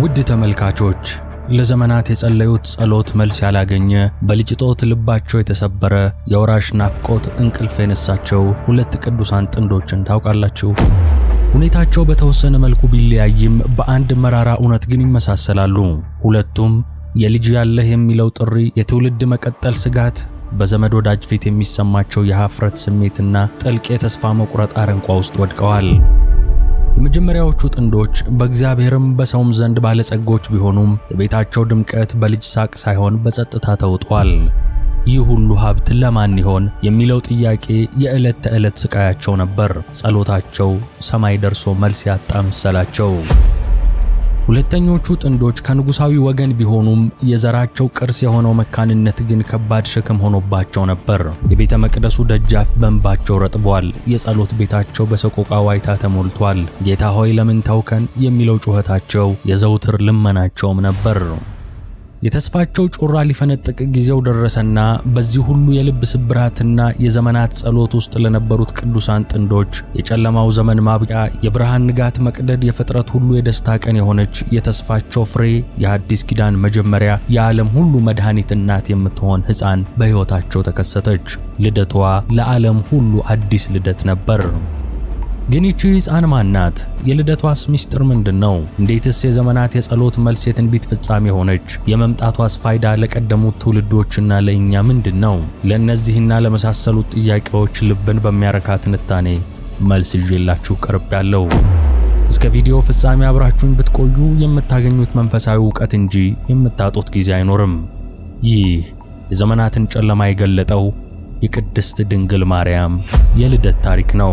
ውድ ተመልካቾች ለዘመናት የጸለዩት ጸሎት መልስ ያላገኘ በልጅጦት ልባቸው የተሰበረ የወራሽ ናፍቆት እንቅልፍ የነሳቸው ሁለት ቅዱሳን ጥንዶችን ታውቃላችሁ። ሁኔታቸው በተወሰነ መልኩ ቢለያይም በአንድ መራራ እውነት ግን ይመሳሰላሉ። ሁለቱም የልጅ ያለህ የሚለው ጥሪ፣ የትውልድ መቀጠል ስጋት፣ በዘመድ ወዳጅ ፊት የሚሰማቸው የሀፍረት ስሜትና ጥልቅ የተስፋ መቁረጥ አረንቋ ውስጥ ወድቀዋል። የመጀመሪያዎቹ ጥንዶች በእግዚአብሔርም በሰውም ዘንድ ባለጸጎች ቢሆኑም የቤታቸው ድምቀት በልጅ ሳቅ ሳይሆን በጸጥታ ተውጧል። ይህ ሁሉ ሀብት ለማን ይሆን የሚለው ጥያቄ የዕለት ተዕለት ስቃያቸው ነበር። ጸሎታቸው ሰማይ ደርሶ መልስ ያጣ መሰላቸው። ሁለተኞቹ ጥንዶች ከንጉሳዊ ወገን ቢሆኑም የዘራቸው ቅርስ የሆነው መካንነት ግን ከባድ ሸክም ሆኖባቸው ነበር። የቤተ መቅደሱ ደጃፍ በእንባቸው ረጥቧል። የጸሎት ቤታቸው በሰቆቃ ዋይታ ተሞልቷል። ጌታ ሆይ ለምን ተውከን የሚለው ጩኸታቸው የዘውትር ልመናቸውም ነበር። የተስፋቸው ጮራ ሊፈነጥቅ ጊዜው ደረሰና በዚህ ሁሉ የልብ ስብራትና የዘመናት ጸሎት ውስጥ ለነበሩት ቅዱሳን ጥንዶች የጨለማው ዘመን ማብቂያ፣ የብርሃን ንጋት መቅደድ፣ የፍጥረት ሁሉ የደስታ ቀን የሆነች የተስፋቸው ፍሬ፣ የአዲስ ኪዳን መጀመሪያ፣ የዓለም ሁሉ መድኃኒት እናት የምትሆን ሕፃን በሕይወታቸው ተከሰተች። ልደቷ ለዓለም ሁሉ አዲስ ልደት ነበር። ግን ይቺ ሕፃን ማናት? የልደቷስ ምስጢር ምንድን ነው? እንዴትስ የዘመናት የጸሎት መልስ የትንቢት ፍጻሜ ሆነች? የመምጣቷስ ፋይዳ ለቀደሙት ትውልዶችና ለእኛ ምንድን ነው? ለእነዚህና ለመሳሰሉት ጥያቄዎች ልብን በሚያረካ ትንታኔ መልስ ይዤላችሁ ቀርብ ያለው እስከ ቪዲዮ ፍጻሜ አብራችሁን ብትቆዩ የምታገኙት መንፈሳዊ እውቀት እንጂ የምታጡት ጊዜ አይኖርም። ይህ የዘመናትን ጨለማ የገለጠው የቅድስት ድንግል ማርያም የልደት ታሪክ ነው።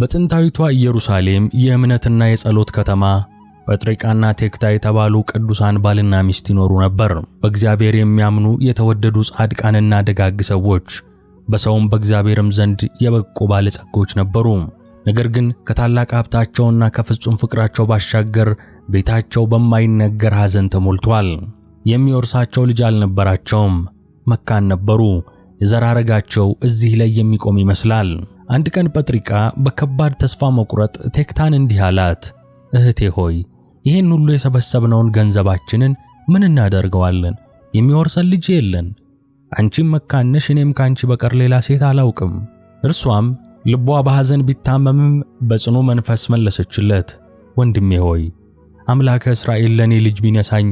በጥንታዊቷ ኢየሩሳሌም የእምነትና የጸሎት ከተማ ጴጥርቃና ቴክታ የተባሉ ቅዱሳን ባልና ሚስት ይኖሩ ነበር። በእግዚአብሔር የሚያምኑ የተወደዱ ጻድቃንና ደጋግ ሰዎች፣ በሰውም በእግዚአብሔርም ዘንድ የበቁ ባለጸጎች ነበሩ። ነገር ግን ከታላቅ ሀብታቸውና ከፍጹም ፍቅራቸው ባሻገር ቤታቸው በማይነገር ሐዘን ተሞልቷል። የሚወርሳቸው ልጅ አልነበራቸውም፣ መካን ነበሩ። የዘራረጋቸው እዚህ ላይ የሚቆም ይመስላል። አንድ ቀን ጴጥርቃ በከባድ ተስፋ መቁረጥ ቴክታን እንዲህ አላት፣ እህቴ ሆይ ይህን ሁሉ የሰበሰብነውን ገንዘባችንን ምን እናደርገዋለን? የሚወርሰን ልጅ የለን። አንቺም መካነሽ፣ እኔም ካንቺ በቀር ሌላ ሴት አላውቅም። እርሷም ልቧ በሐዘን ቢታመምም በጽኑ መንፈስ መለሰችለት፣ ወንድሜ ሆይ አምላከ እስራኤል ለእኔ ልጅ ቢነሳኝ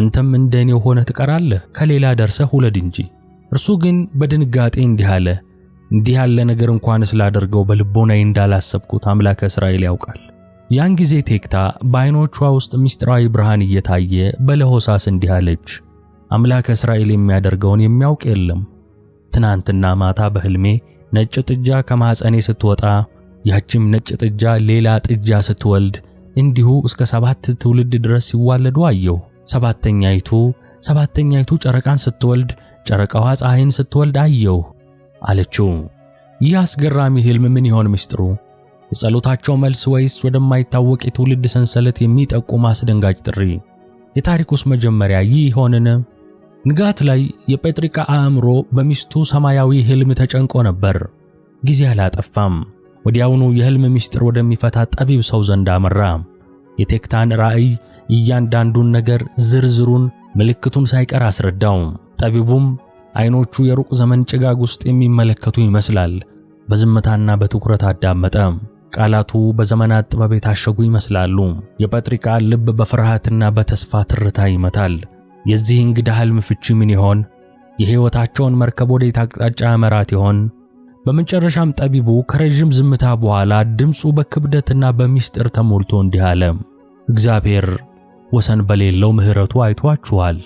አንተም እንደ እኔ ሆነ ትቀራለህ፣ ከሌላ ደርሰህ ውለድ እንጂ። እርሱ ግን በድንጋጤ እንዲህ አለ፣ እንዲህ ያለ ነገር እንኳን ስላደርገው በልቦናዬ እንዳላሰብኩት አምላከ እስራኤል ያውቃል። ያን ጊዜ ቴክታ በዓይኖቿ ውስጥ ምስጢራዊ ብርሃን እየታየ በለሆሳስ እንዲህ አለች፣ አምላከ እስራኤል የሚያደርገውን የሚያውቅ የለም። ትናንትና ማታ በሕልሜ ነጭ ጥጃ ከማኅፀኔ ስትወጣ ያችም ነጭ ጥጃ ሌላ ጥጃ ስትወልድ እንዲሁ እስከ ሰባት ትውልድ ድረስ ሲዋለዱ አየሁ። ሰባተኛይቱ ሰባተኛይቱ ጨረቃን ስትወልድ ጨረቃዋ ፀሐይን ስትወልድ አየሁ። አለችው። ይህ አስገራሚ ህልም ምን ይሆን ምስጢሩ? የጸሎታቸው መልስ ወይስ ወደማይታወቅ የትውልድ ሰንሰለት የሚጠቁም አስደንጋጭ ጥሪ? የታሪኩስ መጀመሪያ ይህ ይሆንን? ንጋት ላይ የጴጥሪቃ አእምሮ በሚስቱ ሰማያዊ ህልም ተጨንቆ ነበር። ጊዜ አላጠፋም። ወዲያውኑ የህልም ምስጢር ወደሚፈታ ጠቢብ ሰው ዘንድ አመራ። የቴክታን ራእይ እያንዳንዱን ነገር ዝርዝሩን ምልክቱን ሳይቀር አስረዳው። ጠቢቡም አይኖቹ የሩቅ ዘመን ጭጋግ ውስጥ የሚመለከቱ ይመስላል። በዝምታና በትኩረት አዳመጠ። ቃላቱ በዘመናት ጥበብ የታሸጉ ይመስላሉ። የጴጥርቃ ልብ በፍርሃትና በተስፋ ትርታ ይመታል። የዚህ እንግዳ ህልም ፍቺ ምን ይሆን? የሕይወታቸውን መርከብ ወዴት አቅጣጫ ያመራት ይሆን? በመጨረሻም ጠቢቡ ከረዥም ዝምታ በኋላ ድምፁ በክብደትና በሚስጥር ተሞልቶ እንዲህ አለ። እግዚአብሔር ወሰን በሌለው ምሕረቱ አይቷችኋል፣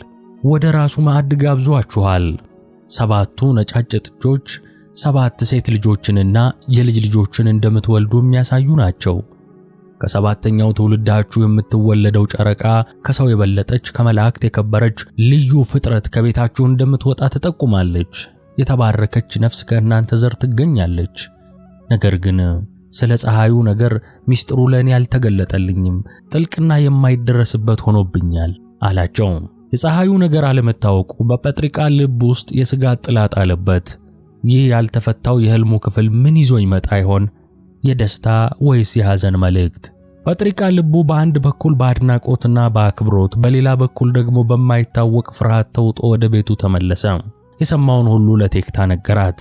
ወደ ራሱ ማዕድ ጋብዟችኋል። ሰባቱ ነጫጭ ጥጆች ሰባት ሴት ልጆችንና የልጅ ልጆችን እንደምትወልዱ የሚያሳዩ ናቸው። ከሰባተኛው ትውልዳችሁ የምትወለደው ጨረቃ ከሰው የበለጠች ከመላእክት የከበረች ልዩ ፍጥረት ከቤታችሁ እንደምትወጣ ትጠቁማለች። የተባረከች ነፍስ ከእናንተ ዘር ትገኛለች። ነገር ግን ስለ ፀሐዩ ነገር ሚስጥሩ ለእኔ አልተገለጠልኝም፣ ጥልቅና የማይደረስበት ሆኖብኛል አላቸውም። የፀሐዩ ነገር አለመታወቁ በጴጥርቃ ልብ ውስጥ የስጋት ጥላ ጣለበት። ይህ ያልተፈታው የህልሙ ክፍል ምን ይዞ ይመጣ ይሆን? የደስታ ወይስ የሐዘን መልእክት? ጴጥርቃ ልቡ በአንድ በኩል በአድናቆትና በአክብሮት፣ በሌላ በኩል ደግሞ በማይታወቅ ፍርሃት ተውጦ ወደ ቤቱ ተመለሰ። የሰማውን ሁሉ ለቴክታ ነገራት።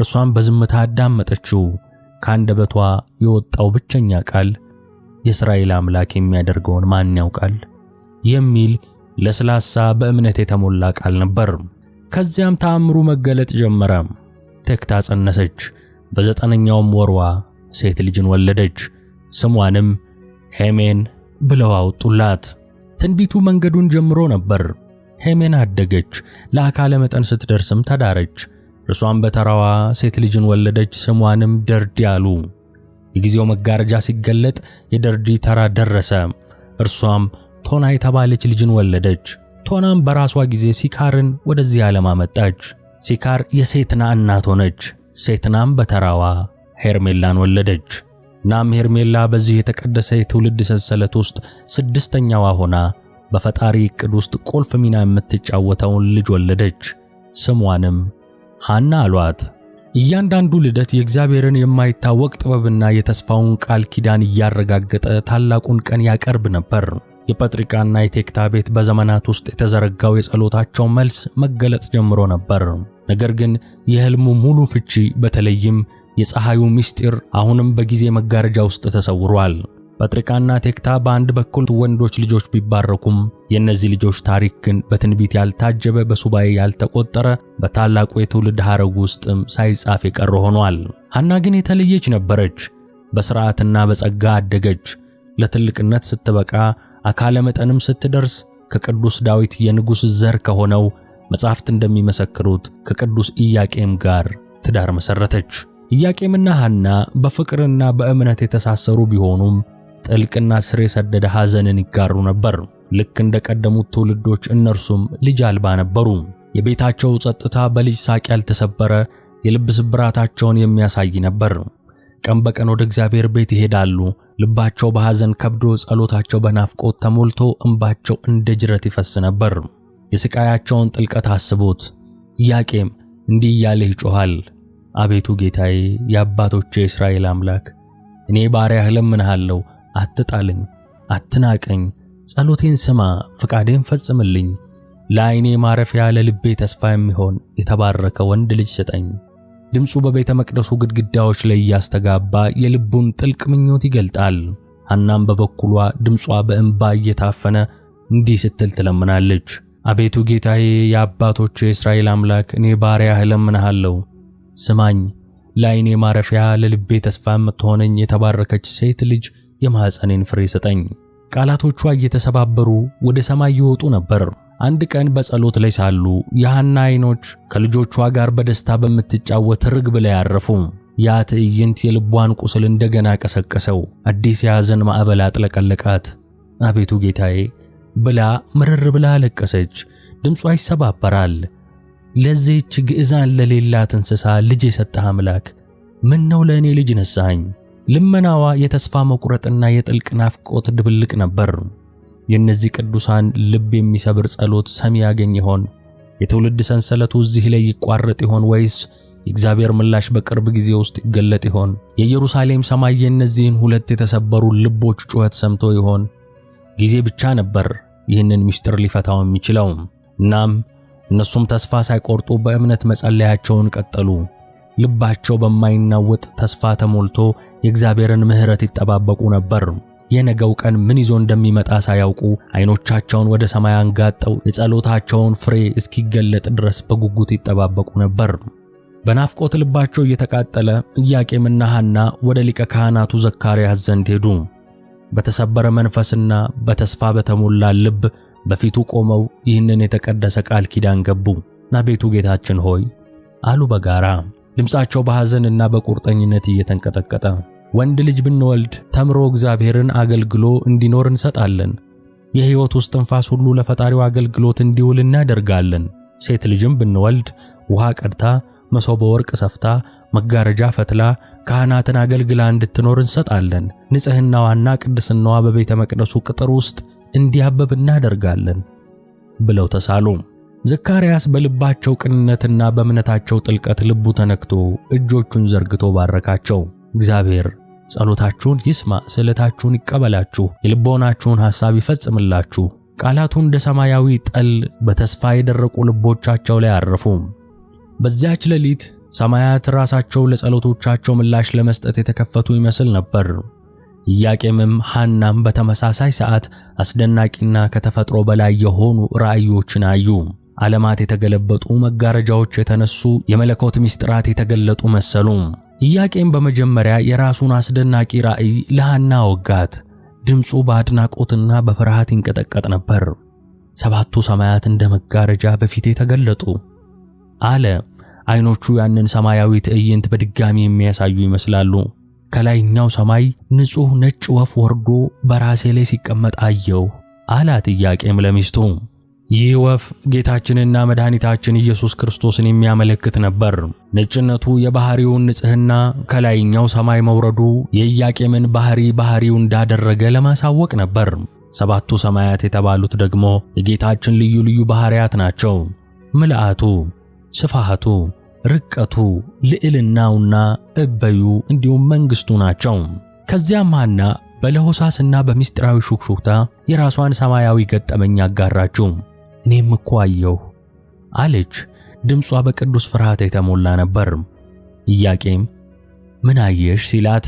እርሷን በዝምታ አዳመጠችው። ከአንደበቷ የወጣው ብቸኛ ቃል የእስራኤል አምላክ የሚያደርገውን ማን ያውቃል የሚል ለስላሳ በእምነት የተሞላ ቃል ነበር። ከዚያም ተአምሩ መገለጥ ጀመረ። ቴክታ ጸነሰች፣ በዘጠነኛውም ወርዋ ሴት ልጅን ወለደች። ስሟንም ሄሜን ብለው አወጡላት። ትንቢቱ መንገዱን ጀምሮ ነበር። ሄሜን አደገች፣ ለአካለ መጠን ስትደርስም ተዳረች። እርሷም በተራዋ ሴት ልጅን ወለደች፣ ስሟንም ደርዲ አሉ። የጊዜው መጋረጃ ሲገለጥ የደርዲ ተራ ደረሰ። እርሷም ቶና የተባለች ልጅን ወለደች። ቶናም በራሷ ጊዜ ሲካርን ወደዚህ ዓለም አመጣች። ሲካር የሴትና እናት ሆነች። ሴትናም በተራዋ ሄርሜላን ወለደች። ናም ሄርሜላ በዚህ የተቀደሰ የትውልድ ሰንሰለት ውስጥ ስድስተኛዋ ሆና በፈጣሪ ዕቅድ ውስጥ ቁልፍ ሚና የምትጫወተውን ልጅ ወለደች። ስሟንም ሐና አሏት። እያንዳንዱ ልደት የእግዚአብሔርን የማይታወቅ ጥበብና የተስፋውን ቃል ኪዳን እያረጋገጠ ታላቁን ቀን ያቀርብ ነበር። የጴጥርቃና የቴክታ ቤት በዘመናት ውስጥ የተዘረጋው የጸሎታቸው መልስ መገለጥ ጀምሮ ነበር። ነገር ግን የህልሙ ሙሉ ፍቺ በተለይም የፀሐዩ ምስጢር አሁንም በጊዜ መጋረጃ ውስጥ ተሰውሯል። ጴጥርቃና ቴክታ በአንድ በኩል ወንዶች ልጆች ቢባረኩም የእነዚህ ልጆች ታሪክ ግን በትንቢት ያልታጀበ፣ በሱባኤ ያልተቆጠረ፣ በታላቁ የትውልድ ሐረግ ውስጥም ሳይጻፍ የቀረ ሆኗል። ሐና ግን የተለየች ነበረች። በሥርዓትና በጸጋ አደገች። ለትልቅነት ስትበቃ አካለ መጠንም ስትደርስ ከቅዱስ ዳዊት የንጉሥ ዘር ከሆነው መጻሕፍት እንደሚመሰክሩት ከቅዱስ ኢያቄም ጋር ትዳር መሰረተች። ኢያቄምና ሐና በፍቅርና በእምነት የተሳሰሩ ቢሆኑም ጥልቅና ስር የሰደደ ሐዘንን ይጋሩ ነበር። ልክ እንደ ቀደሙት ትውልዶች እነርሱም ልጅ አልባ ነበሩ። የቤታቸው ጸጥታ በልጅ ሳቅ ያልተሰበረ የልብ ስብራታቸውን የሚያሳይ ነበር። ቀን በቀን ወደ እግዚአብሔር ቤት ይሄዳሉ፣ ልባቸው በሐዘን ከብዶ ጸሎታቸው በናፍቆት ተሞልቶ እንባቸው እንደ ጅረት ይፈስ ነበር። የሥቃያቸውን ጥልቀት አስቦት ኢያቄም እንዲህ እያለ ይጮኋል አቤቱ ጌታዬ፣ የአባቶቼ የእስራኤል አምላክ እኔ ባሪያህ እለምንሃለሁ፣ አትጣልኝ፣ አትናቀኝ፣ ጸሎቴን ስማ፣ ፍቃዴን ፈጽምልኝ፣ ለዓይኔ ማረፊያ ለልቤ ተስፋ የሚሆን የተባረከ ወንድ ልጅ ስጠኝ። ድምፁ በቤተ መቅደሱ ግድግዳዎች ላይ እያስተጋባ የልቡን ጥልቅ ምኞት ይገልጣል። ሐናም በበኩሏ ድምጿ በእንባ እየታፈነ እንዲህ ስትል ትለምናለች። አቤቱ ጌታዬ፣ የአባቶች የእስራኤል አምላክ፣ እኔ ባሪያህ እለምንሃለሁ፣ ስማኝ። ለዓይኔ ማረፊያ ለልቤ ተስፋ የምትሆነኝ የተባረከች ሴት ልጅ የማኅፀኔን ፍሬ ስጠኝ። ቃላቶቿ እየተሰባበሩ ወደ ሰማይ ይወጡ ነበር። አንድ ቀን በጸሎት ላይ ሳሉ የሐና ዓይኖች ከልጆቿ ጋር በደስታ በምትጫወት ርግብ ላይ አረፉ። ያ ትዕይንት የልቧን ቁስል እንደገና ቀሰቀሰው። አዲስ የሐዘን ማዕበል አጥለቀለቃት። አቤቱ ጌታዬ ብላ ምርር ብላ አለቀሰች። ድምጿ ይሰባበራል። ለዚህች ግዕዛን ለሌላት እንስሳ ልጅ የሰጠህ አምላክ ምን ነው ለእኔ ልጅ ነሳኸኝ? ልመናዋ የተስፋ መቁረጥና የጥልቅ ናፍቆት ድብልቅ ነበር። የእነዚህ ቅዱሳን ልብ የሚሰብር ጸሎት ሰሚ ያገኝ ይሆን? የትውልድ ሰንሰለቱ እዚህ ላይ ይቋረጥ ይሆን ወይስ የእግዚአብሔር ምላሽ በቅርብ ጊዜ ውስጥ ይገለጥ ይሆን? የኢየሩሳሌም ሰማይ የእነዚህን ሁለት የተሰበሩ ልቦች ጩኸት ሰምቶ ይሆን? ጊዜ ብቻ ነበር ይህንን ምስጢር ሊፈታው የሚችለው። እናም እነሱም ተስፋ ሳይቆርጡ በእምነት መጸለያቸውን ቀጠሉ። ልባቸው በማይናወጥ ተስፋ ተሞልቶ የእግዚአብሔርን ምሕረት ይጠባበቁ ነበር። የነገው ቀን ምን ይዞ እንደሚመጣ ሳያውቁ አይኖቻቸውን ወደ ሰማይ አንጋጠው የጸሎታቸውን ፍሬ እስኪገለጥ ድረስ በጉጉት ይጠባበቁ ነበር። በናፍቆት ልባቸው እየተቃጠለ ኢያቄምና ሐና ወደ ሊቀ ካህናቱ ዘካርያስ ዘንድ ሄዱ። በተሰበረ መንፈስና በተስፋ በተሞላ ልብ በፊቱ ቆመው ይህንን የተቀደሰ ቃል ኪዳን ገቡ። አቤቱ ጌታችን ሆይ አሉ በጋራ ድምፃቸው በሐዘንና በቁርጠኝነት እየተንቀጠቀጠ ወንድ ልጅ ብንወልድ ተምሮ እግዚአብሔርን አገልግሎ እንዲኖር እንሰጣለን። የሕይወት ውስጥ እስትንፋስ ሁሉ ለፈጣሪው አገልግሎት እንዲውል እናደርጋለን። ሴት ልጅም ብንወልድ ውሃ ቀድታ፣ መሶበ ወርቅ ሰፍታ፣ መጋረጃ ፈትላ ካህናትን አገልግላ እንድትኖር እንሰጣለን። ንጽሕናዋና ቅድስናዋ በቤተ መቅደሱ ቅጥር ውስጥ እንዲያበብ እናደርጋለን ብለው ተሳሉ። ዘካርያስ በልባቸው ቅንነትና በእምነታቸው ጥልቀት ልቡ ተነክቶ እጆቹን ዘርግቶ ባረካቸው። እግዚአብሔር ጸሎታችሁን ይስማ፣ ስዕለታችሁን ይቀበላችሁ፣ የልቦናችሁን ሐሳብ ይፈጽምላችሁ። ቃላቱ እንደ ሰማያዊ ጠል በተስፋ የደረቁ ልቦቻቸው ላይ አረፉ። በዚያች ሌሊት ሰማያት ራሳቸው ለጸሎቶቻቸው ምላሽ ለመስጠት የተከፈቱ ይመስል ነበር። ኢያቄምም ሐናም በተመሳሳይ ሰዓት አስደናቂና ከተፈጥሮ በላይ የሆኑ ራእዮችን አዩ። ዓለማት የተገለበጡ፣ መጋረጃዎች የተነሱ፣ የመለኮት ምስጢራት የተገለጡ መሰሉ። ኢያቄም በመጀመሪያ የራሱን አስደናቂ ራእይ ለሐና አወጋት። ድምፁ በአድናቆትና በፍርሃት ይንቀጠቀጥ ነበር። ሰባቱ ሰማያት እንደ መጋረጃ በፊቴ ተገለጡ አለ። አይኖቹ ያንን ሰማያዊ ትዕይንት በድጋሚ የሚያሳዩ ይመስላሉ። ከላይኛው ሰማይ ንጹሕ ነጭ ወፍ ወርዶ በራሴ ላይ ሲቀመጥ አየው! አላት ኢያቄም ለሚስቱ። ይህ ወፍ ጌታችንና መድኃኒታችን ኢየሱስ ክርስቶስን የሚያመለክት ነበር። ነጭነቱ የባህሪውን ንጽህና ከላይኛው ሰማይ መውረዱ የኢያቄምን ባህሪ ባህሪው እንዳደረገ ለማሳወቅ ነበር። ሰባቱ ሰማያት የተባሉት ደግሞ የጌታችን ልዩ ልዩ ባህሪያት ናቸው። ምልአቱ፣ ስፋቱ፣ ርቀቱ፣ ልዕልናውና እበዩ እንዲሁም መንግሥቱ ናቸው። ከዚያም ሐና በለሆሳስና በምስጢራዊ ሹክሹክታ የራሷን ሰማያዊ ገጠመኝ አጋራችው። እኔም እኮ አየሁ አለች። ድምጿ በቅዱስ ፍርሃት የተሞላ ነበር። ኢያቄም ምን አየሽ ሲላት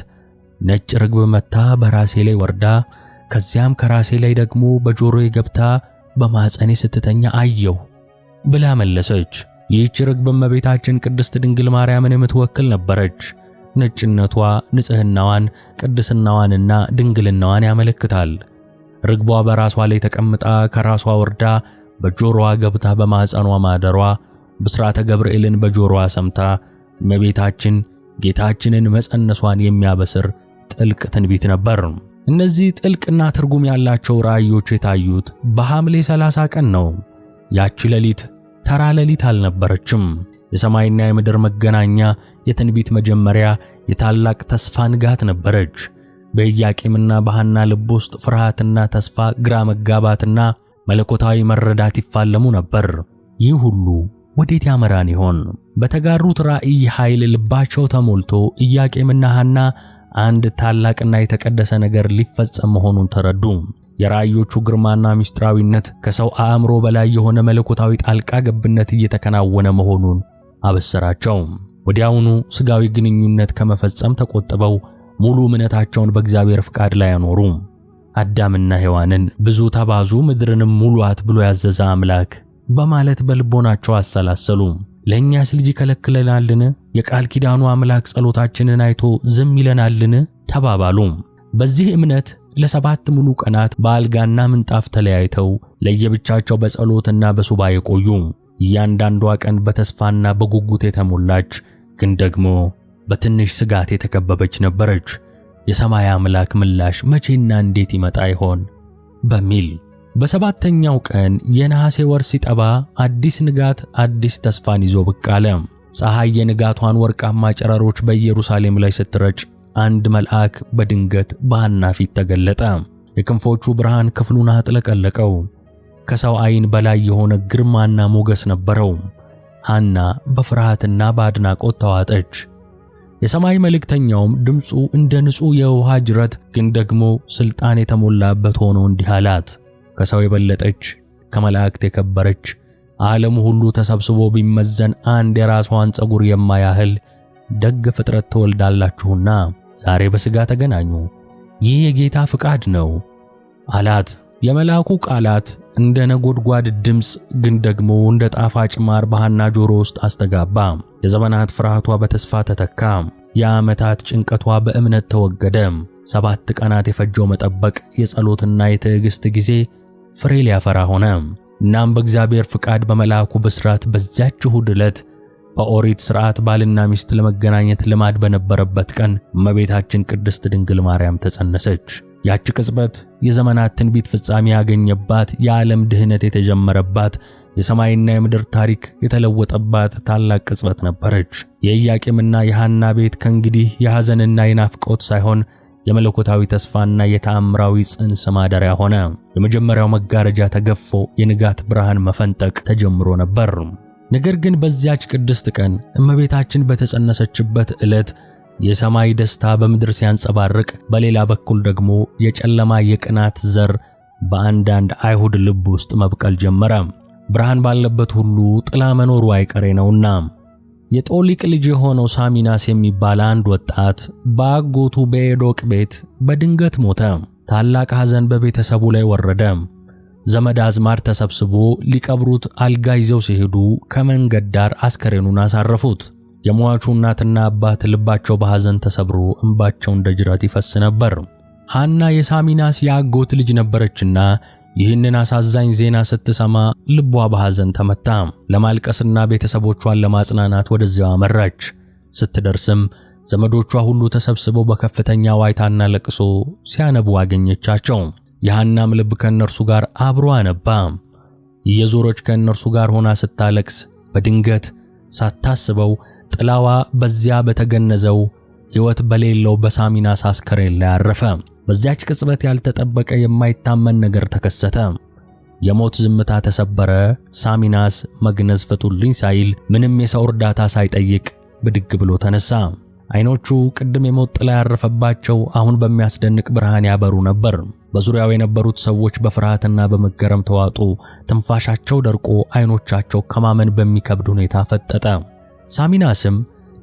ነጭ ርግብ መታ በራሴ ላይ ወርዳ ከዚያም ከራሴ ላይ ደግሞ በጆሮዬ ገብታ በማጸኔ ስትተኛ አየሁ ብላ መለሰች። ይህች ርግብ እመቤታችን ቅድስት ድንግል ማርያምን የምትወክል ነበረች። ነጭነቷ ንጽህናዋን፣ ቅድስናዋንና ድንግልናዋን ያመለክታል። ርግቧ በራሷ ላይ ተቀምጣ ከራሷ ወርዳ በጆሮዋ ገብታ በማኅፀኗ ማደሯ ብሥራተ ገብርኤልን በጆሮዋ ሰምታ እመቤታችን ጌታችንን መጸነሷን የሚያበስር ጥልቅ ትንቢት ነበር። እነዚህ ጥልቅና ትርጉም ያላቸው ራእዮች የታዩት በሐምሌ 30 ቀን ነው። ያቺ ሌሊት ተራ ሌሊት አልነበረችም። የሰማይና የምድር መገናኛ፣ የትንቢት መጀመሪያ፣ የታላቅ ተስፋ ንጋት ነበረች። በኢያቄምና በሐና ልብ ውስጥ ፍርሃትና ተስፋ፣ ግራ መጋባትና መለኮታዊ መረዳት ይፋለሙ ነበር። ይህ ሁሉ ወዴት ያመራን ይሆን? በተጋሩት ራእይ ኃይል ልባቸው ተሞልቶ ኢያቄምና ሐና አንድ ታላቅና የተቀደሰ ነገር ሊፈጸም መሆኑን ተረዱ። የራእዮቹ ግርማና ምስጢራዊነት ከሰው አእምሮ በላይ የሆነ መለኮታዊ ጣልቃ ገብነት እየተከናወነ መሆኑን አበሰራቸው። ወዲያውኑ ስጋዊ ግንኙነት ከመፈጸም ተቆጥበው ሙሉ እምነታቸውን በእግዚአብሔር ፍቃድ ላይ አኖሩ። አዳምና ሔዋንን ብዙ ተባዙ ምድርንም ሙሉአት ብሎ ያዘዘ አምላክ በማለት በልቦናቸው አሰላሰሉ። ለእኛስ ልጅ ይከለክለናልን? የቃል ኪዳኑ አምላክ ጸሎታችንን አይቶ ዝም ይለናልን? ተባባሉ። በዚህ እምነት ለሰባት ሙሉ ቀናት በአልጋና ምንጣፍ ተለያይተው ለየብቻቸው በጸሎትና በሱባ የቆዩ እያንዳንዷ ቀን በተስፋና በጉጉት የተሞላች ግን ደግሞ በትንሽ ስጋት የተከበበች ነበረች። የሰማይ አምላክ ምላሽ መቼና እንዴት ይመጣ ይሆን በሚል በሰባተኛው ቀን የነሐሴ ወር ሲጠባ አዲስ ንጋት አዲስ ተስፋን ይዞ ብቅ አለ። ፀሐይ የንጋቷን ወርቃማ ጨረሮች በኢየሩሳሌም ላይ ስትረጭ አንድ መልአክ በድንገት በሐና ፊት ተገለጠ። የክንፎቹ ብርሃን ክፍሉን አጥለቀለቀው። ከሰው ዓይን በላይ የሆነ ግርማና ሞገስ ነበረው። ሐና በፍርሃትና በአድናቆት ተዋጠች። የሰማይ መልእክተኛውም ድምፁ እንደ ንጹሕ የውሃ ጅረት ግን ደግሞ ሥልጣን የተሞላበት ሆኖ እንዲህ አላት። ከሰው የበለጠች ከመላእክት የከበረች ዓለም ሁሉ ተሰብስቦ ቢመዘን አንድ የራስዋን ፀጉር የማያህል ደግ ፍጥረት ትወልዳላችሁና ዛሬ በሥጋ ተገናኙ፣ ይህ የጌታ ፍቃድ ነው አላት። የመልአኩ ቃላት እንደ ነጎድጓድ ድምፅ ግን ደግሞ እንደ ጣፋጭ ማር በሐና ጆሮ ውስጥ አስተጋባ። የዘመናት ፍርሃቷ በተስፋ ተተካ። የዓመታት ጭንቀቷ በእምነት ተወገደ። ሰባት ቀናት የፈጀው መጠበቅ፣ የጸሎትና የትዕግስት ጊዜ ፍሬ ሊያፈራ ሆነ። እናም በእግዚአብሔር ፍቃድ በመልአኩ ብስራት በዚያች እሁድ ዕለት በኦሪት ሥርዓት ባልና ሚስት ለመገናኘት ልማድ በነበረበት ቀን እመቤታችን ቅድስት ድንግል ማርያም ተጸነሰች። ያች ቅጽበት የዘመናት ትንቢት ፍጻሜ ያገኘባት፣ የዓለም ድህነት የተጀመረባት፣ የሰማይና የምድር ታሪክ የተለወጠባት ታላቅ ቅጽበት ነበረች። የኢያቄምና የሐና ቤት ከእንግዲህ የሐዘንና የናፍቆት ሳይሆን የመለኮታዊ ተስፋና የተአምራዊ ጽንስ ማደሪያ ሆነ። የመጀመሪያው መጋረጃ ተገፎ የንጋት ብርሃን መፈንጠቅ ተጀምሮ ነበር። ነገር ግን በዚያች ቅድስት ቀን እመቤታችን በተጸነሰችበት ዕለት የሰማይ ደስታ በምድር ሲያንጸባርቅ፣ በሌላ በኩል ደግሞ የጨለማ የቅናት ዘር በአንዳንድ አይሁድ ልብ ውስጥ መብቀል ጀመረ። ብርሃን ባለበት ሁሉ ጥላ መኖሩ አይቀሬ ነውና። የጦሊቅ ልጅ የሆነው ሳሚናስ የሚባል አንድ ወጣት በአጎቱ በኤዶቅ ቤት በድንገት ሞተ። ታላቅ ሐዘን በቤተሰቡ ላይ ወረደ። ዘመድ አዝማድ ተሰብስቦ ሊቀብሩት አልጋ ይዘው ሲሄዱ ከመንገድ ዳር አስከሬኑን አሳረፉት። የሟቹ እናትና አባት ልባቸው በሐዘን ተሰብሮ እንባቸው እንደ ጅረት ይፈስ ነበር። ሐና የሳሚናስ የአጎት ልጅ ነበረችና ይህንን አሳዛኝ ዜና ስትሰማ ልቧ በሐዘን ተመታ። ለማልቀስና ቤተሰቦቿን ለማጽናናት ወደዚያው አመራች። ስትደርስም ዘመዶቿ ሁሉ ተሰብስበው በከፍተኛ ዋይታና ለቅሶ ሲያነቡ አገኘቻቸው። የሐናም ልብ ከእነርሱ ጋር አብሮ አነባ። እየዞረች ከእነርሱ ጋር ሆና ስታለቅስ በድንገት ሳታስበው ጥላዋ በዚያ በተገነዘው ሕይወት በሌለው በሳሚናስ አስከሬን ላይ አረፈ። በዚያች ቅጽበት ያልተጠበቀ የማይታመን ነገር ተከሰተ። የሞት ዝምታ ተሰበረ። ሳሚናስ መግነዝ ፍቱልኝ ሳይል ምንም የሰው እርዳታ ሳይጠይቅ ብድግ ብሎ ተነሳ። አይኖቹ ቅድም የሞት ጥላ ያረፈባቸው አሁን በሚያስደንቅ ብርሃን ያበሩ ነበር። በዙሪያው የነበሩት ሰዎች በፍርሃትና በመገረም ተዋጡ። ትንፋሻቸው ደርቆ አይኖቻቸው ከማመን በሚከብድ ሁኔታ ፈጠጠ። ሳሚናስም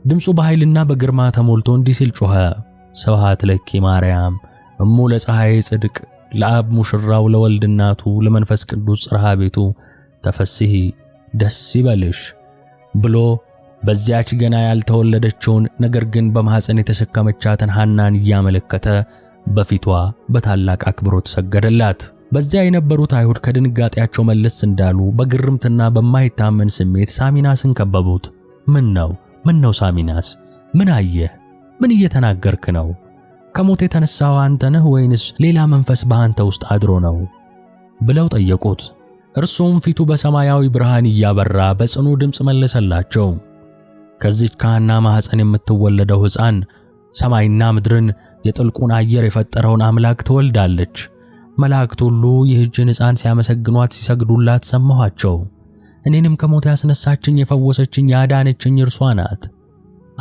ድምፁ በኃይልና በግርማ ተሞልቶ እንዲህ ሲል ጮኸ። ስብሐት ለኪ ማርያም እሙ ለፀሐይ ጽድቅ ለአብ ሙሽራው ለወልድ እናቱ ለመንፈስ ቅዱስ ጽርሃ ቤቱ ተፈስሂ ደስ ይበልሽ ብሎ በዚያች ገና ያልተወለደችውን ነገር ግን በማኅፀን የተሸከመቻትን ሐናን እያመለከተ በፊቷ በታላቅ አክብሮት ሰገደላት። በዚያ የነበሩት አይሁድ ከድንጋጤያቸው መለስ እንዳሉ በግርምትና በማይታመን ስሜት ሳሚናስን ከበቡት። ምን ነው? ምን ነው? ሳሚናስ ምን አየህ? ምን እየተናገርክ ነው? ከሞት የተነሳው አንተ ነህ ወይንስ ሌላ መንፈስ በአንተ ውስጥ አድሮ ነው? ብለው ጠየቁት። እርሱም ፊቱ በሰማያዊ ብርሃን እያበራ በጽኑ ድምፅ መለሰላቸው። ከዚች ከሐና ማኅፀን የምትወለደው ሕፃን ሰማይና ምድርን የጥልቁን አየር የፈጠረውን አምላክ ትወልዳለች። መላእክት ሁሉ ይህችን ሕፃን ሲያመሰግኗት ሲሰግዱላት ሰማኋቸው። እኔንም ከሞት ያስነሳችኝ የፈወሰችኝ ያዳነችኝ እርሷ ናት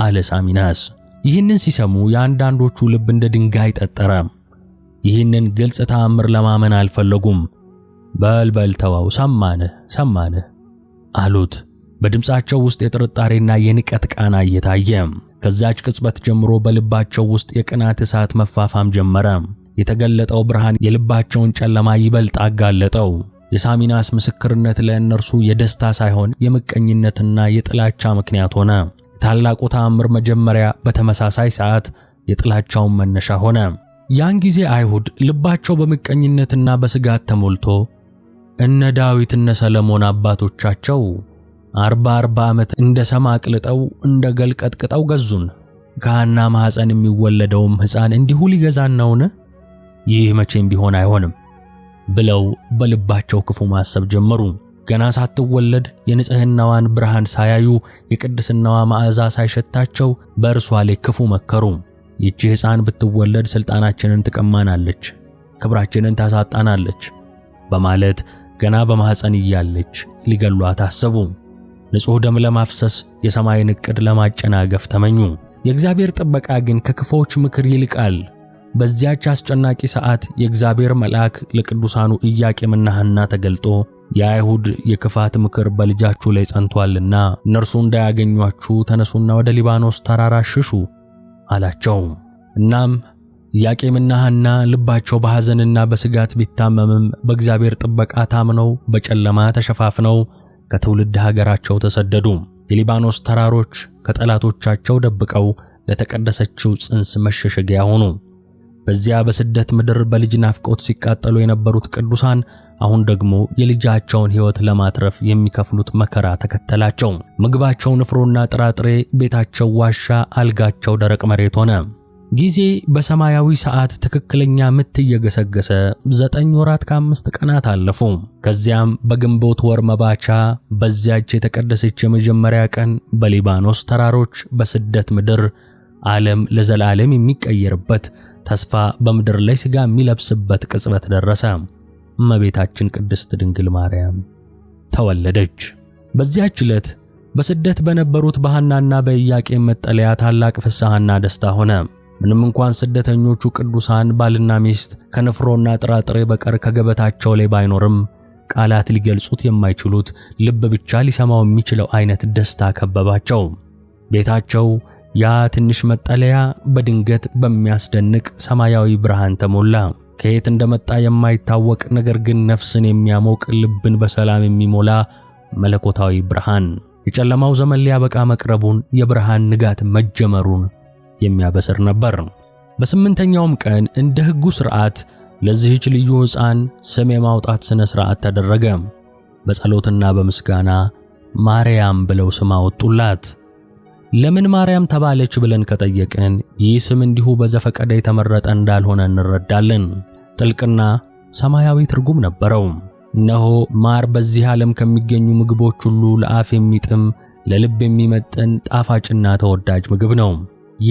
አለ ሳሚናስ። ይህንን ሲሰሙ የአንዳንዶቹ ልብ እንደ ድንጋይ ጠጠረ። ይህንን ግልጽ ተአምር ለማመን አልፈለጉም። በልበል ተዋው፣ ሰማንህ ሰማንህ አሉት። በድምፃቸው ውስጥ የጥርጣሬና የንቀት ቃና እየታየ ከዛች ቅጽበት ጀምሮ በልባቸው ውስጥ የቅናት እሳት መፋፋም ጀመረ። የተገለጠው ብርሃን የልባቸውን ጨለማ ይበልጥ አጋለጠው። የሳሚናስ ምስክርነት ለእነርሱ የደስታ ሳይሆን የምቀኝነትና የጥላቻ ምክንያት ሆነ። የታላቁ ተአምር መጀመሪያ በተመሳሳይ ሰዓት የጥላቻውን መነሻ ሆነ። ያን ጊዜ አይሁድ ልባቸው በምቀኝነትና በስጋት ተሞልቶ እነ ዳዊት እነ ሰለሞን አባቶቻቸው አርባ አርባ ዓመት እንደ ሰማ አቅልጠው እንደ ገል ቀጥቅጠው ገዙን። ከሐና ማኅፀን የሚወለደውም ሕፃን እንዲሁ ሊገዛን ነውን? ይህ መቼም ቢሆን አይሆንም ብለው በልባቸው ክፉ ማሰብ ጀመሩ። ገና ሳትወለድ የንጽሕናዋን ብርሃን ሳያዩ የቅድስናዋ መዓዛ ሳይሸታቸው በእርሷ ላይ ክፉ መከሩ። ይቺ ሕፃን ብትወለድ ሥልጣናችንን ትቀማናለች፣ ክብራችንን ታሳጣናለች በማለት ገና በማኅፀን እያለች ሊገሏት አሰቡ። ንጹሕ ደም ለማፍሰስ የሰማይን ዕቅድ ለማጨናገፍ ተመኙ። የእግዚአብሔር ጥበቃ ግን ከክፉዎች ምክር ይልቃል። በዚያች አስጨናቂ ሰዓት የእግዚአብሔር መልአክ ለቅዱሳኑ ኢያቄምና ሐና ተገልጦ የአይሁድ የክፋት ምክር በልጃችሁ ላይ ጸንቷልና እነርሱ እንዳያገኟችሁ ተነሱና ወደ ሊባኖስ ተራራ ሽሹ አላቸው። እናም ኢያቄምና ሐና ልባቸው በሐዘንና በስጋት ቢታመምም በእግዚአብሔር ጥበቃ ታምነው በጨለማ ተሸፋፍነው ከትውልድ ሀገራቸው ተሰደዱ። የሊባኖስ ተራሮች ከጠላቶቻቸው ደብቀው ለተቀደሰችው ጽንስ መሸሸጊያ ሆኑ። በዚያ በስደት ምድር በልጅ ናፍቆት ሲቃጠሉ የነበሩት ቅዱሳን አሁን ደግሞ የልጃቸውን ሕይወት ለማትረፍ የሚከፍሉት መከራ ተከተላቸው። ምግባቸው ንፍሮና ጥራጥሬ፣ ቤታቸው ዋሻ፣ አልጋቸው ደረቅ መሬት ሆነ። ጊዜ በሰማያዊ ሰዓት ትክክለኛ ምት እየገሰገሰ ዘጠኝ ወራት ከአምስት ቀናት አለፉ። ከዚያም በግንቦት ወር መባቻ በዚያች የተቀደሰች የመጀመሪያ ቀን በሊባኖስ ተራሮች በስደት ምድር ዓለም ለዘላለም የሚቀየርበት ተስፋ በምድር ላይ ሥጋ የሚለብስበት ቅጽበት ደረሰ። እመቤታችን ቅድስት ድንግል ማርያም ተወለደች። በዚያች ዕለት በስደት በነበሩት በሐናና በኢያቄም መጠለያ ታላቅ ፍስሐና ደስታ ሆነ። ምንም እንኳን ስደተኞቹ ቅዱሳን ባልና ሚስት ከንፍሮና ጥራጥሬ በቀር ከገበታቸው ላይ ባይኖርም ቃላት ሊገልጹት የማይችሉት ልብ ብቻ ሊሰማው የሚችለው አይነት ደስታ ከበባቸው። ቤታቸው ያ ትንሽ መጠለያ በድንገት በሚያስደንቅ ሰማያዊ ብርሃን ተሞላ። ከየት እንደመጣ የማይታወቅ ነገር ግን ነፍስን የሚያሞቅ ልብን በሰላም የሚሞላ መለኮታዊ ብርሃን የጨለማው ዘመን ሊያበቃ መቅረቡን፣ የብርሃን ንጋት መጀመሩን የሚያበስር ነበር። በስምንተኛውም ቀን እንደ ሕጉ ሥርዓት ለዚህች ልዩ ሕፃን ስም የማውጣት ሥነ ሥርዓት ተደረገ። በጸሎትና በምስጋና ማርያም ብለው ስም አወጡላት። ለምን ማርያም ተባለች ብለን ከጠየቅን ይህ ስም እንዲሁ በዘፈቀደ የተመረጠ እንዳልሆነ እንረዳለን። ጥልቅና ሰማያዊ ትርጉም ነበረው። እነሆ ማር በዚህ ዓለም ከሚገኙ ምግቦች ሁሉ ለአፍ የሚጥም ለልብ የሚመጥን ጣፋጭና ተወዳጅ ምግብ ነው።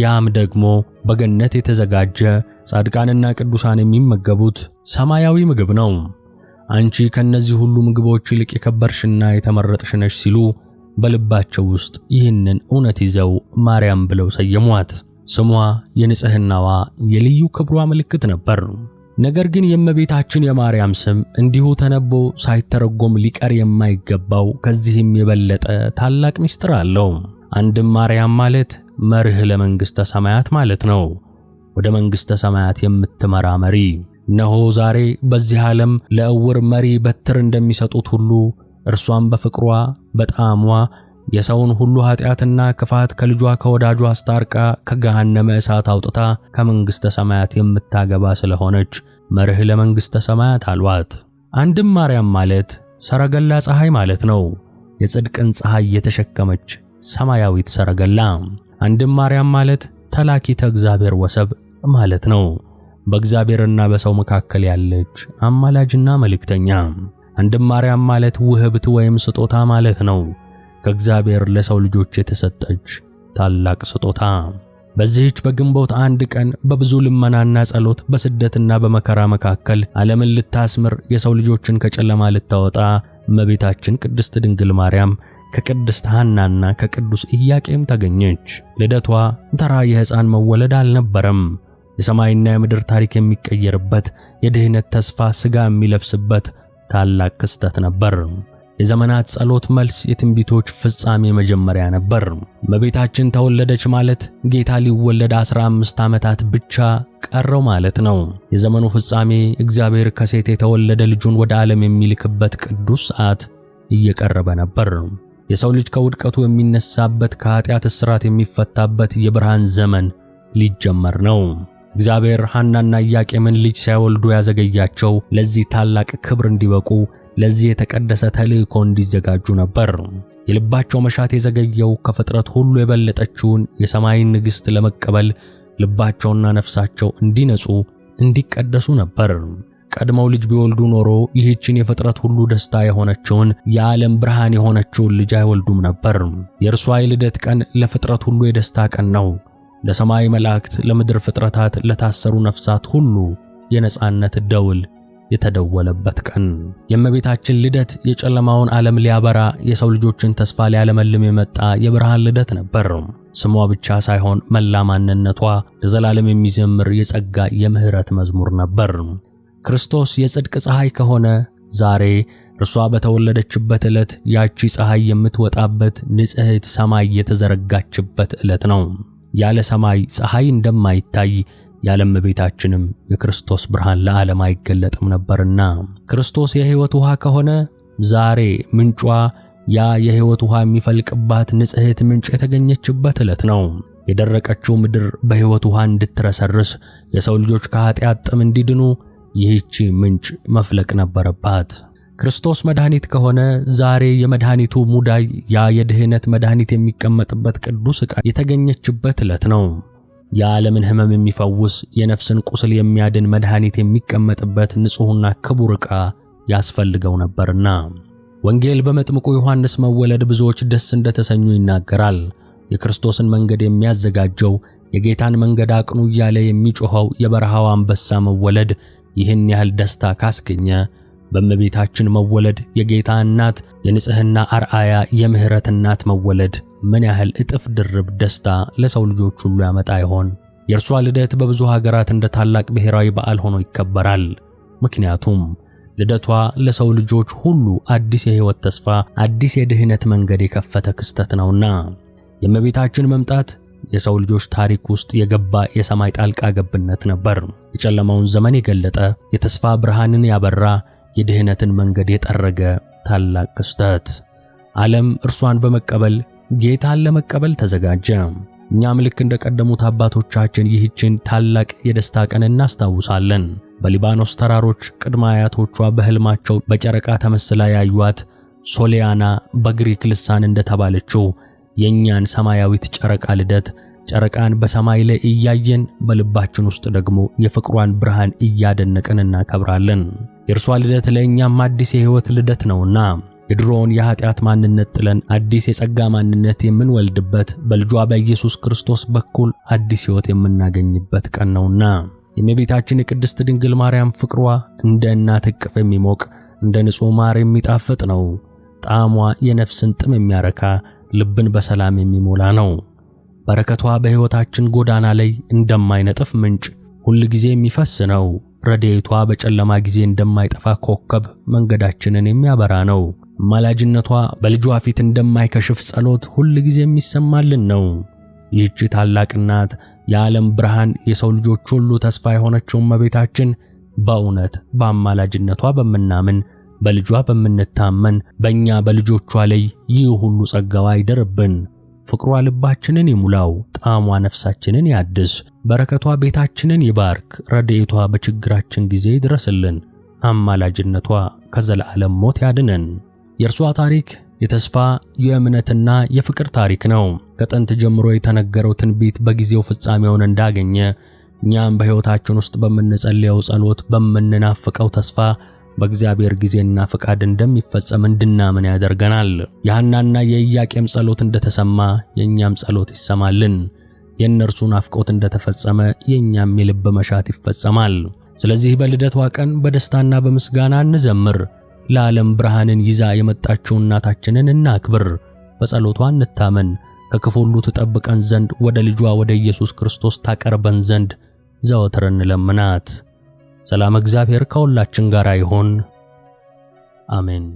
ያም ደግሞ በገነት የተዘጋጀ ጻድቃንና ቅዱሳን የሚመገቡት ሰማያዊ ምግብ ነው። አንቺ ከነዚህ ሁሉ ምግቦች ይልቅ የከበርሽና የተመረጥሽ ነሽ ሲሉ በልባቸው ውስጥ ይህንን እውነት ይዘው ማርያም ብለው ሰየሟት። ስሟ የንጽህናዋ የልዩ ክብሯ ምልክት ነበር። ነገር ግን የእመቤታችን የማርያም ስም እንዲሁ ተነቦ ሳይተረጎም ሊቀር የማይገባው ከዚህም የበለጠ ታላቅ ምስጢር አለው። አንድም ማርያም ማለት መርህ ለመንግሥተ ሰማያት ማለት ነው። ወደ መንግሥተ ሰማያት የምትመራ መሪ። እነሆ ዛሬ በዚህ ዓለም ለእውር መሪ በትር እንደሚሰጡት ሁሉ እርሷም በፍቅሯ በጣዕሟ የሰውን ሁሉ ኃጢአትና ክፋት ከልጇ ከወዳጇ አስታርቃ ከገሃነመ እሳት አውጥታ ከመንግሥተ ሰማያት የምታገባ ስለሆነች መርህ ለመንግሥተ ሰማያት አሏት። አንድም ማርያም ማለት ሰረገላ ፀሐይ ማለት ነው። የጽድቅን ፀሐይ የተሸከመች ሰማያዊት ሰረገላ። አንድም ማርያም ማለት ተላኪተ እግዚአብሔር ወሰብ ማለት ነው። በእግዚአብሔርና በሰው መካከል ያለች አማላጅና መልእክተኛ። አንድም ማርያም ማለት ውህብት ወይም ስጦታ ማለት ነው። ከእግዚአብሔር ለሰው ልጆች የተሰጠች ታላቅ ስጦታ። በዚህች በግንቦት አንድ ቀን በብዙ ልመናና ጸሎት በስደትና በመከራ መካከል ዓለምን ልታስምር የሰው ልጆችን ከጨለማ ልታወጣ እመቤታችን ቅድስት ድንግል ማርያም ከቅድስት ሐናና ከቅዱስ ኢያቄም ተገኘች። ልደቷ ተራ የሕፃን መወለድ አልነበረም። የሰማይና የምድር ታሪክ የሚቀየርበት፣ የድኅነት ተስፋ ሥጋ የሚለብስበት ታላቅ ክስተት ነበር። የዘመናት ጸሎት መልስ፣ የትንቢቶች ፍጻሜ መጀመሪያ ነበር። እመቤታችን ተወለደች ማለት ጌታ ሊወለድ 15 ዓመታት ብቻ ቀረው ማለት ነው። የዘመኑ ፍጻሜ፣ እግዚአብሔር ከሴት የተወለደ ልጁን ወደ ዓለም የሚልክበት ቅዱስ ሰዓት እየቀረበ ነበር። የሰው ልጅ ከውድቀቱ የሚነሳበት፣ ከኃጢአት እስራት የሚፈታበት የብርሃን ዘመን ሊጀመር ነው። እግዚአብሔር ሐናና ኢያቄምን ልጅ ሳይወልዱ ያዘገያቸው ለዚህ ታላቅ ክብር እንዲበቁ ለዚህ የተቀደሰ ተልእኮ እንዲዘጋጁ ነበር። የልባቸው መሻት የዘገየው ከፍጥረት ሁሉ የበለጠችውን የሰማይን ንግሥት ለመቀበል ልባቸውና ነፍሳቸው እንዲነጹ እንዲቀደሱ ነበር። ቀድመው ልጅ ቢወልዱ ኖሮ ይህችን የፍጥረት ሁሉ ደስታ የሆነችውን የዓለም ብርሃን የሆነችውን ልጅ አይወልዱም ነበር። የእርሷ የልደት ቀን ለፍጥረት ሁሉ የደስታ ቀን ነው። ለሰማይ መላእክት፣ ለምድር ፍጥረታት፣ ለታሰሩ ነፍሳት ሁሉ የነጻነት ደውል የተደወለበት ቀን። የእመቤታችን ልደት የጨለማውን ዓለም ሊያበራ የሰው ልጆችን ተስፋ ሊያለመልም የመጣ የብርሃን ልደት ነበር። ስሟ ብቻ ሳይሆን መላ ማንነቷ ለዘላለም የሚዘምር የጸጋ የምህረት መዝሙር ነበር። ክርስቶስ የጽድቅ ፀሐይ ከሆነ ዛሬ እርሷ በተወለደችበት ዕለት ያቺ ፀሐይ የምትወጣበት ንጽሕት ሰማይ የተዘረጋችበት ዕለት ነው። ያለ ሰማይ ፀሐይ እንደማይታይ ያለም ቤታችንም የክርስቶስ ብርሃን ለዓለም አይገለጥም ነበርና ክርስቶስ የሕይወት ውሃ ከሆነ ዛሬ ምንጯ ያ የሕይወት ውሃ የሚፈልቅባት ንጽሕት ምንጭ የተገኘችበት ዕለት ነው። የደረቀችው ምድር በሕይወት ውሃ እንድትረሰርስ፣ የሰው ልጆች ከኃጢአት ጥም እንዲድኑ ይህቺ ምንጭ መፍለቅ ነበረባት። ክርስቶስ መድኃኒት ከሆነ ዛሬ የመድኃኒቱ ሙዳይ ያ የድኅነት መድኃኒት የሚቀመጥበት ቅዱስ ዕቃ የተገኘችበት ዕለት ነው። የዓለምን ሕመም የሚፈውስ የነፍስን ቁስል የሚያድን መድኃኒት የሚቀመጥበት ንጹሕና ክቡር ዕቃ ያስፈልገው ነበርና። ወንጌል በመጥምቁ ዮሐንስ መወለድ ብዙዎች ደስ እንደተሰኙ ይናገራል። የክርስቶስን መንገድ የሚያዘጋጀው የጌታን መንገድ አቅኑ እያለ የሚጮኸው የበረሃው አንበሳ መወለድ ይህን ያህል ደስታ ካስገኘ በእመቤታችን መወለድ የጌታ እናት የንጽሕና አርአያ የምሕረት እናት መወለድ ምን ያህል እጥፍ ድርብ ደስታ ለሰው ልጆች ሁሉ ያመጣ ይሆን? የእርሷ ልደት በብዙ ሀገራት እንደ ታላቅ ብሔራዊ በዓል ሆኖ ይከበራል። ምክንያቱም ልደቷ ለሰው ልጆች ሁሉ አዲስ የሕይወት ተስፋ፣ አዲስ የድኅነት መንገድ የከፈተ ክስተት ነውና የእመቤታችን መምጣት የሰው ልጆች ታሪክ ውስጥ የገባ የሰማይ ጣልቃ ገብነት ነበር። የጨለማውን ዘመን የገለጠ፣ የተስፋ ብርሃንን ያበራ፣ የድህነትን መንገድ የጠረገ ታላቅ ክስተት። ዓለም እርሷን በመቀበል ጌታን ለመቀበል ተዘጋጀ። እኛም ልክ እንደ ቀደሙት አባቶቻችን ይህችን ታላቅ የደስታ ቀን እናስታውሳለን። በሊባኖስ ተራሮች ቅድመ አያቶቿ በሕልማቸው በጨረቃ ተመስላ ያዩት ሶሊያና በግሪክ ልሳን እንደተባለችው የእኛን ሰማያዊት ጨረቃ ልደት ጨረቃን በሰማይ ላይ እያየን በልባችን ውስጥ ደግሞ የፍቅሯን ብርሃን እያደነቅን እናከብራለን። የእርሷ ልደት ለእኛም አዲስ የሕይወት ልደት ነውና የድሮውን የኃጢአት ማንነት ጥለን አዲስ የጸጋ ማንነት የምንወልድበት በልጇ በኢየሱስ ክርስቶስ በኩል አዲስ ሕይወት የምናገኝበት ቀን ነውና የእመቤታችን የቅድስት ድንግል ማርያም ፍቅሯ እንደ እናት እቅፍ የሚሞቅ እንደ ንጹሕ ማር የሚጣፍጥ ነው። ጣዕሟ የነፍስን ጥም የሚያረካ ልብን በሰላም የሚሞላ ነው። በረከቷ በሕይወታችን ጎዳና ላይ እንደማይነጥፍ ምንጭ ሁል ጊዜ የሚፈስ ነው። ረድኤቷ በጨለማ ጊዜ እንደማይጠፋ ኮከብ መንገዳችንን የሚያበራ ነው። አማላጅነቷ በልጇ ፊት እንደማይከሽፍ ጸሎት ሁል ጊዜ የሚሰማልን ነው። ይህች ታላቅ እናት የዓለም ብርሃን፣ የሰው ልጆች ሁሉ ተስፋ የሆነችው እመቤታችን በእውነት በአማላጅነቷ በምናምን በልጇ በምንታመን በእኛ በልጆቿ ላይ ይህ ሁሉ ጸጋዋ አይደርብን ፍቅሯ ልባችንን ይሙላው፣ ጣዕሟ ነፍሳችንን ያድስ፣ በረከቷ ቤታችንን ይባርክ፣ ረድኤቷ በችግራችን ጊዜ ይድረስልን፣ አማላጅነቷ ከዘላለም ሞት ያድነን። የእርሷ ታሪክ የተስፋ የእምነትና የፍቅር ታሪክ ነው። ከጥንት ጀምሮ የተነገረው ትንቢት በጊዜው ፍጻሜውን እንዳገኘ እኛም በሕይወታችን ውስጥ በምንጸልየው ጸሎት፣ በምንናፍቀው ተስፋ በእግዚአብሔር ጊዜና ፍቃድ እንደሚፈጸም እንድናምን ያደርገናል። የሐናና የኢያቄም ጸሎት እንደተሰማ የእኛም ጸሎት ይሰማልን። የእነርሱ ናፍቆት እንደተፈጸመ የእኛም የልብ መሻት ይፈጸማል። ስለዚህ በልደቷ ቀን በደስታና በምስጋና እንዘምር። ለዓለም ብርሃንን ይዛ የመጣችው እናታችንን እናክብር። በጸሎቷ እንታመን። ከክፉ ሁሉ ትጠብቀን ዘንድ ወደ ልጇ ወደ ኢየሱስ ክርስቶስ ታቀርበን ዘንድ ዘወትር እንለምናት። ሰላም እግዚአብሔር ከሁላችን ጋር ይሁን። አሜን።